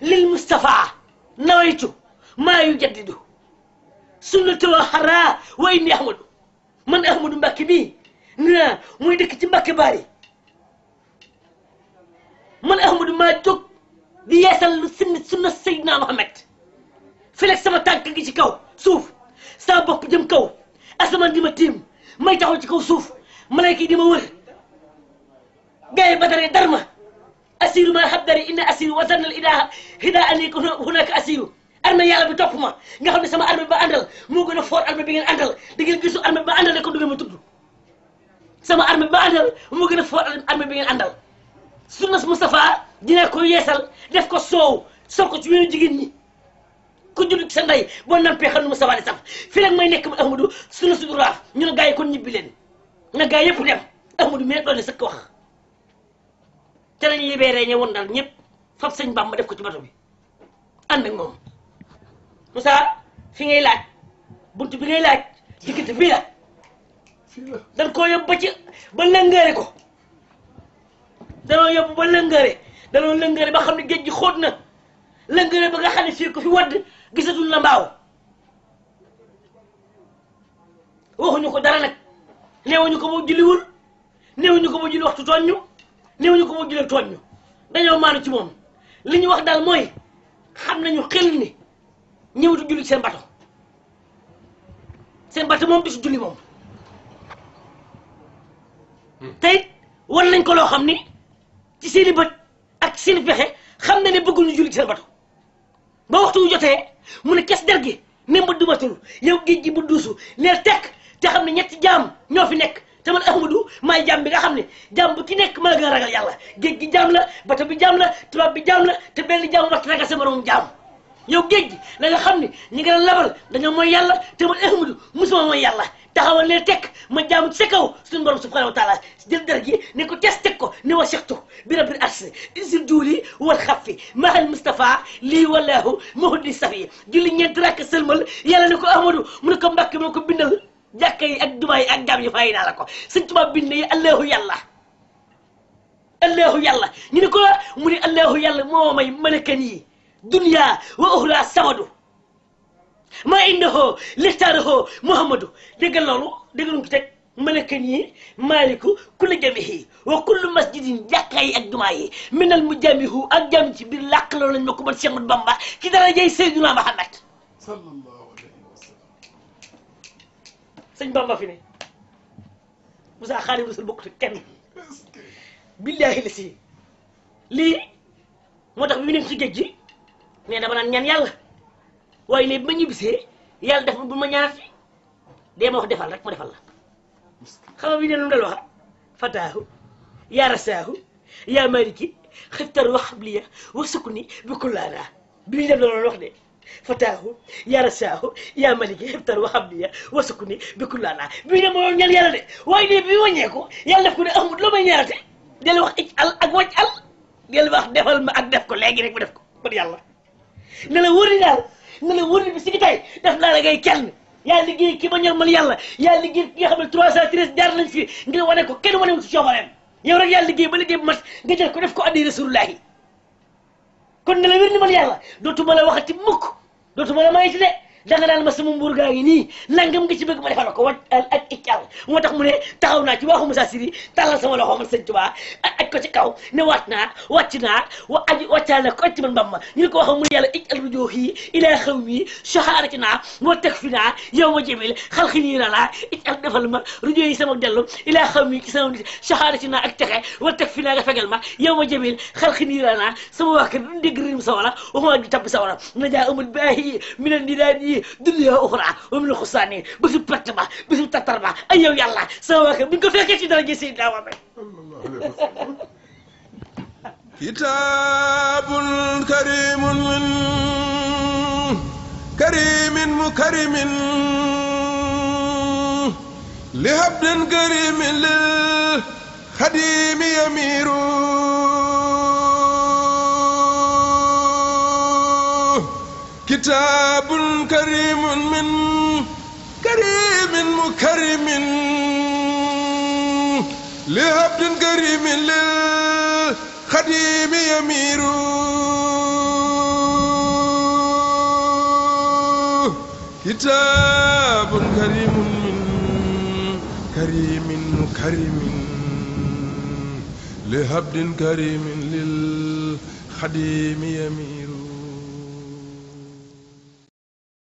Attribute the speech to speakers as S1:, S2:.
S1: lil Mustafa nawaytu maa yu jaddidu sunnatul xaraa wa inni Ahmadu man Ahmadu Mbàkke bii nee naa muy dëkk ci Mbàkke Baari man Ahmadu maa jóg di yeesal lu sunna sunna Seydina Muhammad sama tànk ngi ci kaw suuf saa bopp jëm kaw asamaan di ma tiim may taxaw ci kaw suuf malayka yi di ma wër gaay yi Badar darma asiru ma habdari inna asiru wa zanna al idaha hida ani hunaka asiru armée yàlla bi topp ma nga xam ne sama armée ba àndal moo gën a fort armée bi ngeen àndal da ngeen gisu armée ba àndal ne ko du ngeen sama armée ba àndal moo gën a fort armée bi ngeen àndal sunna Moustapha dina ko yeesal def ko soow sol ko ci wéenu jigéen ñi ku judd sa ndey boo nampee xam ne Moustapha di saf fi nag may nekk ma Ahmadou sunna sudu ñu ne gars yi kon ñibbi leen na gars yëpp dem Ahmadou mais doon ne sëkk wax te lañ libéré ñe woon daal ñëpp fab sëñ Bamba def ko ci bato bi ànd ak moom Moussa fi ngay laaj bunt bi ngay laaj diggante bii la dañ koo yóbbu ba ci ba lëngëre ko danoo yóbbu ba lëngëre danoo lëngëre ba xam ne géej gi xóot na lëngëre ba nga xam fii ko fi wadd gisatul la mbaaw waxuñu ko dara nag neewuñu ko boo julliwul neewuñu ko boo julli waxtu tooñ niw ñu ko moo jëlee tooñ ñu dañoo maanu ci moom li ñu wax daal mooy xam nañu xel ni ñëwatu julli seen bato seen bato moom du si julli moom hmm. te it nañ ko loo xam ni ci seen i bët ak seen i pexe xam na ne bëggul ñu ci seen bato ba waxtu wu jotee mu ne kes der gi même ba dubatul yow géej gi bu duusu leer tekk te xam ne ñetti jaam ñoo fi nekk té man ahmadu may jamm bi nga xamné jamm ki nek ma la gën ragal yalla géej gi jamm la bato bi jamm la tubaab bi jamm la té benn jamm wax ragal sa borom jamm yow géej gi la nga xamné ñi nga labal dañu moy yalla té man ahmadu musuma moy yalla taxawal ne tek ma jamm ci kaw suñu borom subhanahu wa taala jël gi ne ko test tek ko ne wa bi rabbil arsi wal khafi mahal Mustafa li wallahu muhdi safi julli ñent rak selmal yalla ne ko ahmadu mu ne ko bindal جاكي أدباي أجام يفاين على كو سنتما بني الله يلا الله يلا نيكو مري الله يلا مومي ملكني دنيا وأخرى سمدو ما إنه لتاره محمد دقل لولو دقل نكتك ملكني مالكو كل جمعه وكل مسجد يقعي الدماي من المجامعه أجامت بالله قلولن مكبر سيامد بامبا كدر جاي سيدنا محمد صلى الله sëñ Bamba fi ne Moussa Xaadim Rasul bokkut ak kenn billaahi la si lii moo tax mu nekk ci géej gi mais naan ñaan yàlla waaye léegi bu ma ñibbisee yàlla def bu ma ñaan fi ma wax defal rek ma defal la xam nga bi ne lu mu dal wax fataahu yaa rasaahu yaa maliki xiftar wa xabliya wa sukni bi kullaana bi ñu def wax de fataahu yaa rasaahu yaa maliki hebtaru hamdiya wasukuni bi kullaana bii de moo ñal yàlla de waaye de bi wàññeeku yàlla def ko ne amul loo may ñaarate del wax ic al ak wàcc al del wax defal ma ak def ko léegi rek mu def ko man yàlla ne la wóor ni daal ne la wóor ni bi si tay def naa la ngay kenn yaa liggéey ki ma ñor man yàlla yaa liggéey ki nga xam ne trois cent treize jaar nañ fi ngir wane ko kenn wane wu si coobareem yow rek yaa liggéey ba liggéey bu mat nga jël ko def ko addi rasulullahi kon ne la wér ni man yàlla dootuma la waxati mukk どいぞ、もらまいじで danga naan ma sama mbuur gaa ngi nii nangam nga ci bëgg ma defal la ko wat ak ical moo tax mu ne taxaw naa ci waaxu Moussa Siri tallal sama loxo man sëñ Tuubaa aj ko ci kaw ne waat naa wàcc naa wa aji wàccaal na ko aj ci man Bamba ñu ne ko waxam mu ne yàlla ic al wujoohi ilaa xaw mi soxaarati naa moo teg fi naa yow ma jëmil xal xi nii na laa ic al defal ma rujoo yi sama dellu ilaa xaw mi ci sama nit soxaarati naa ak texe wa teg fi naa nga fegal ma yow ma jëmil xal xi nii na laa sama wax ka dégg rim sa wala waxuma ju tabb sa wala na jaa amul baahi mi ne ni daa yi dunya ukhra wa min khusani bisu pett bisu tatar ba ay yow yàlla sama ko ci dara
S2: كتاب كريم من كريم مكرم لهبد كريم للخديم كريم من كريم مكرم لهبد كريم للخديم يمير كتاب كريم من كريم مكرم لهبد كريم للخديم يمير